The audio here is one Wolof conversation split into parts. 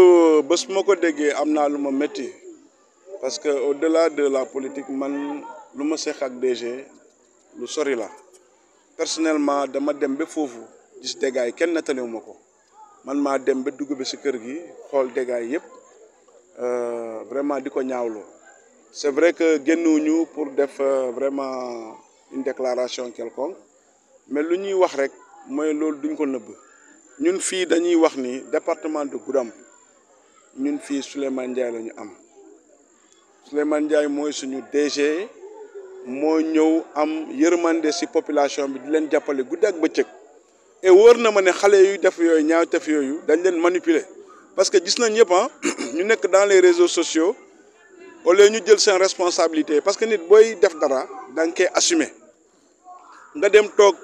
Euh, bés ma ko déggee am naa lu ma métti parce que au delà de la politique man lu ma seex ak DG lu sori la personnellement dama dem ba foofu gis dégâts yi kenn nettaliwu ma ko man maa dem ba dugg bi si kër gi xool dégâts yëpp euh, vraiment di ko ñaawlu c'est vrai que génnuñu pour def euh, vraiment une déclaration quelconque mais lu ñuy wax rek mooy loolu duñ ko nëbb ñun fii dañuy wax ni département de Goudomp ñun fii Souleymane Ndiaye la am Ndiaye mooy suñu DG moo ñëw am population bi di leen jàppale ak et wóor na ma ne xale yu def yooyu ñaaw yooyu dañ leen manipuler parce que gis nañ ah, ñu nekk dans les réseaux sociaux au nous ñu jël seen responsabilité parce que nit booy def dara da nga assumer nga dem toog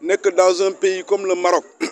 nekk dans un pays comme le Maroc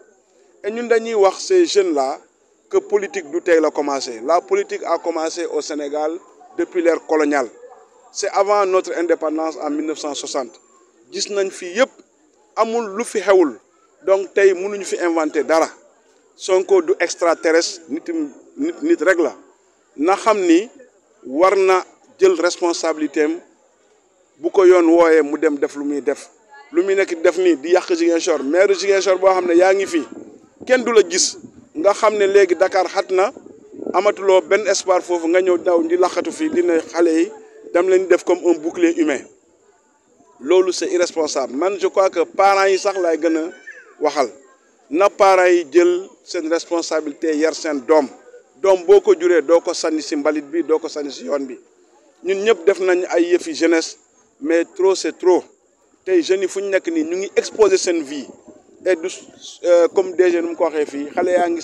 Et nous devons dire ces jeunes-là que la politique a commencé. La politique a commencé au Sénégal depuis l'ère coloniale. C'est avant notre indépendance en 1960. Nous avons vu tout, amul lu fi xewul donc tey mënuñu fi inventé dara Sonko du extraterrestre nit nit nit rek la na xam jël responsabilité bu ko yoon woyé mu dem def lu muy def lu muy nek def ni di maire ne fi kenn du gis nga xam ne Dakar Hatna, na amatuloo benn espoir nga ñëw daw def comme un bouclier humain c'est irresponsable man je crois que parents yi sax na parents yi jël seen responsabilité yar seen doom doom boo ko juree doo ko mbalit bi bi ñun def jeunesse mais trop c'est trop Les jeunes yi vie et eh, eh, comme déjà nous ko waxee fii xale yaa que ne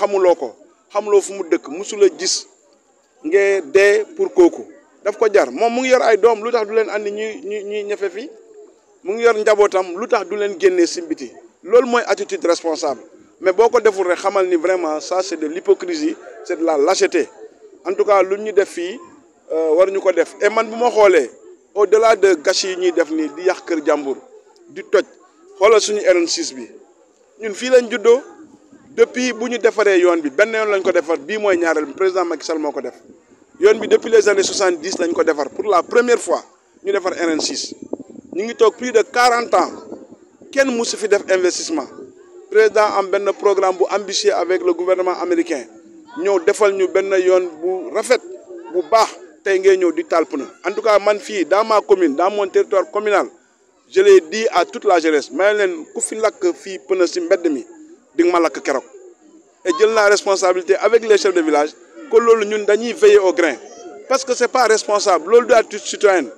pas dëkk musula gis pour daf ko jar moom mu ngi yor ay doom lu tax andi mu ngi yor attitude responsable mais bon vraiment ça c'est de l'hypocrisie c'est de la lâcheté en tout cas lu ñu def euh, war ko def et man bu ma au delà de gâchis yi ñuy def nii di yàq kër jàmbur di toj xoolal suñu RN6 bi ñun fii lañ juddoo depuis bu ñu defaree yoon bi benn yoon lañ ko defar bii mooy ñaareel président Macky Sall moo def yoon bi depuis les années 70 lañ ko pour la première fois ñu defar RN6 Nous ngi toog plus de 40 ans kenn musu fi def investissement président am benn programme bu ambitieux avec le gouvernement américain Nous defal ñu benn yoon bu rafet bu baax en tout cas man dans ma commune dans mon territoire communal je l'ai dit à toute la jeunesse Mais leen ku fi lakk fii pneu si mbedd mi di nga ma lakk keroog et jël la responsabilité avec les chefs de village que nous ñun veiller au grain parce que c'est pas responsable loolu daal être citoyenne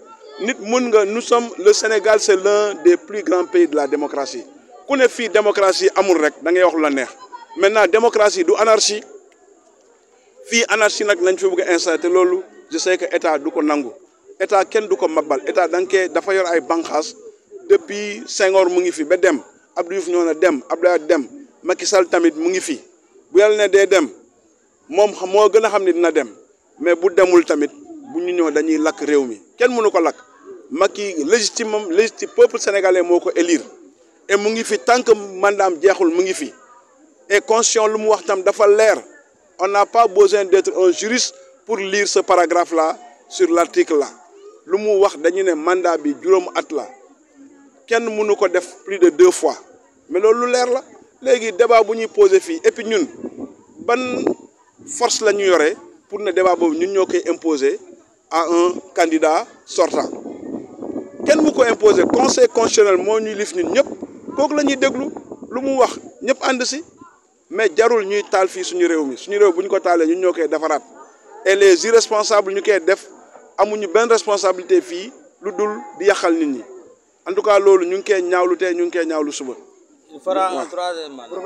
nous sommes le Sénégal c'est l'un des plus grands pays de la démocratie ku ne fait démocratie amul rek da ngay wax la neex maintenant démocratie du anarchie Fi anarchie nag lañ fi bëgg a installé je sais que état du ko nangu état Ken duko ko mabal état da nga dafa yor ay banqaas depuis 5 heures ngi fi ba dem Abdou Diouf ñoo dem Abdoulaye dem Macky tamit mu ngi fi bu yàlla ne dee dem Mom mo gëna xamni dina dem mais bu demul tamit bu ñu ñëw dañuy lak réew mi kenn mënu ko lak. Macky légitimement légitime peuple sénégalais moko élire et mu fi tant que mandaam jeexul mu ngi fi et conscient lu mu wax tam dafa lèr. on n'a pas besoin d'être un juriste pour lire ce paragraphe là sur l'article là lu wax dañu le mandat de juróom Atla. Personne plus de deux fois mais loolu lu la le débat qu'on posé et puis nous, ban force nous pour ne débat qu'on imposer à un candidat sortant kenn mu imposé. imposer conseil constitutionnel moo ñuy lif ñun mais jarul ñuy taal fii suñu et les irresponsables ñu koy def amuñu benn responsabilité fii lu dul di yàqal ni ni en tout cas loolu ñu ngi koy ñaawlu tey ñu ngi koy lu suba. il